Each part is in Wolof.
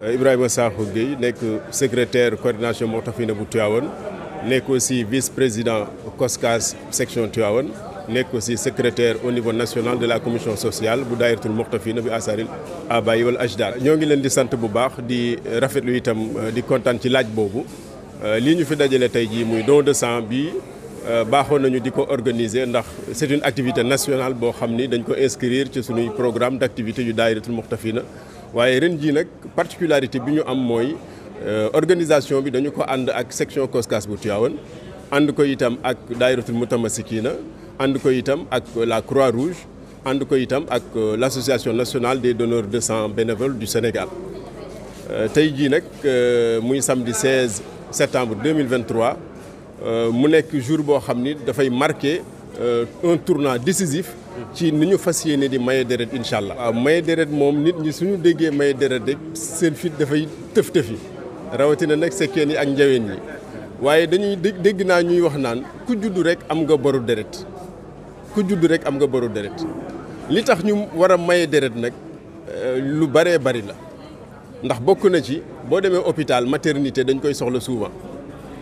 Euh, Ibrahim Sakho Gueye de secrétaire coordination de bu aussi vice-président COSCAS section Tivaouane aussi secrétaire au niveau national de la commission sociale bu daayiratul Moxtafina à Asaril à Ajdar di di itam euh, di euh, c'est une activité nationale bo xamni dañ ko inscrire ci programme d'activité du daayiratul muxtafina waye ren jii particularité biñu am moy euh, organisation bi dañu ko ak section COSCAS bu Tiawone and ko itam ak ko itam ak la Croix Rouge et ko itam ak euh, l'association nationale des donneurs de sang bénévoles du Sénégal tey le muy samedi 16 septembre 2023 Euh, mu nekk jour boo xam ni dafay marqué euh, un tournant décisif ci ni ñu fas yéene di maye deret incha allah. waaw maye deret moom nit ñi suñu déggee maye deret rek seen fit dafay tëf tëfi rawatina nag sekkeen yi ak njaween yi waaye dañuy dégg naa ñuy wax naan ku juddu rek am nga boru deret ku juddu rek am nga boru deret li tax ñu war a maye deret nag euh, lu baree bari la ndax bokk na ci boo demee hôpital maternité dañ koy soxla souvent.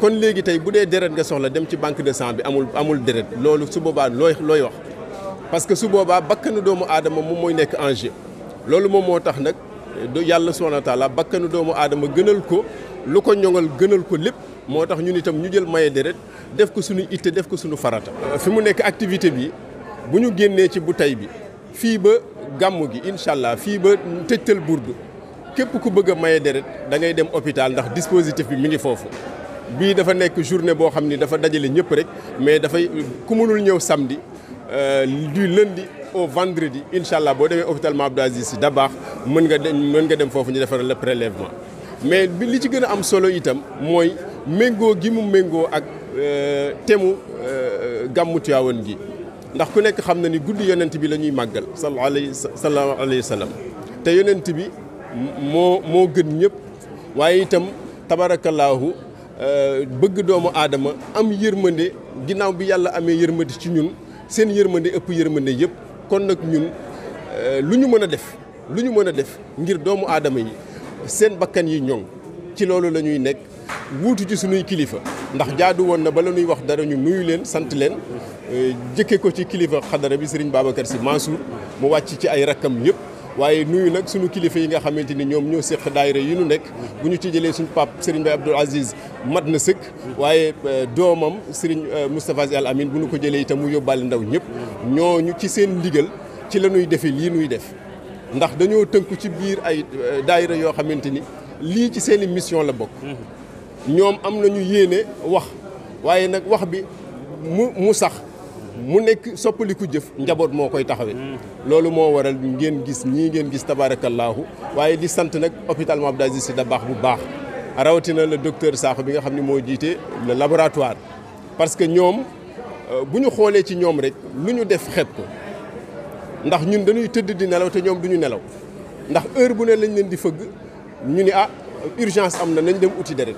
kon vous tay bu dérèt nga soxla dem ci banque de sang bi amul amul dérèt lolu su wax parce que su qui bakkanu doomu adama mom moy nek en jeu loolu moom moo tax nag yàlla en wa taala bakkanu doomu adama gënal ko lu ko ñongal gënal ko lepp motax nous ñun itam ñu jël maye dérèt def ko suñu itte def ko suñu farata. fi mu activité bi buñu génné ci bu tay bi fi ba gamu gi inshallah fi ba burdu képp ku bëgg maye da ngay dem hôpital ndax dispositif bi mi ngi bii dafa nekk journée boo xam ni dafa dajale ñëpp rek mais dafay ku mënul ñëw samedi euh, du lundi au vendredi incha allah boo demee hôpital Mame Abdou Aziz Sy baax mën nga dem mën nga dem foofu ñu defaral le prélèvement mais bi li ci gën a am solo itam mooy méngoo gi mu méngoo ak euh, temu euh, gàmmu Tiwaawan gi ndax ku nekk xam na ni guddi yonent bi la ñuy màggal sallallahu alayhi wa sallam te yonent bi moo moo gën ñëpp waaye itam tabarakallaahu Euh, bëgg doomu aadama am yërmande ginnaaw bi yàlla amee yërmande ci ñun seen yërmande ëpp yërmande yëpp kon nag ñun euh, lu ñu mën a def lu ñu mën a def ngir doomu aadama yi seen bakkan yi ñoŋ ci loolu lañuy nekk wuutu ci suñuy kilifa ndax jaadu woon na ba la ñuy wax dara ñu nuyu leen sant leen euh, jëkke ko ci kilifa xadara bi Serigne Babacar Sy Mansour mu wàcc ci ay rakkam yëpp. waaye nuyu nag suñu kilifa yi nga xamante ni ñoom ñoo séq daayira yi ñu nekk bu ñu ci jëlee suñu pap Serigne Baye Abdoul Aziz mat na sëkk waaye euh, doomam Serigne euh, Moustapha Sy Al Amine bu ñu ko jëlee itam mu yóbbaale ndaw ñëpp ñu ci seen ndigal ci la defee lii nuy def ndax dañoo tënku ci biir ay euh, daayira yoo xamante ni lii ci seen i mission la bokk mm-hmm. ñoom am nañu yéene wax waaye nag wax bi mu mu sax mu nekk soppaliku jëf njaboot moo koy taxawee. loolu moo waral ngeen gis ñii ngeen gis tabaarakallaahu waaye di sant nag hôpital Mame Abdou Aziz Sy baax bu baax rawatina la docteur Sakho bi nga xam ni moo jiite le laboratoire. parce que ñoom euh, bu ñu xoolee ci ñoom rek lu ñu def xeeb ko ndax ñun dañuy tëdd di nelaw te ñoom du ñu nelaw ndax heure bu ne lañ leen di fëgg ñu ni ah urgence am na nañ dem uti deret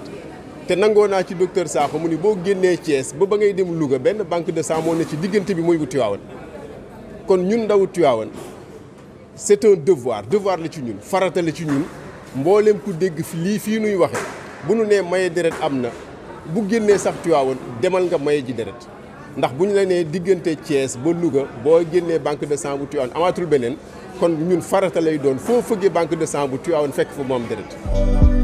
te nangoo naa ci docteur Sakho mu ni boo génnee cees ba ba ngay dem Louga benn banque de sang moo ne ci diggante bi moy wu Tiwaawan kon ñun ndawu Tiwaawan c'est un devoir devoir la ci ñun farata la ci ñun mboolem ku dégg fi lii fii nuy waxe bu nu nee mayee deret am na bu génnee sax Tiwaawan demal nga maye ji deret ndax bu ñu la nee diggante Thiès ba Louga boo génnee banque de sang bu Tiwaawan amaatul beneen kon ñun farata lay doon foo fëggee banque de sang bu Tiwaawan fekk fa moom deret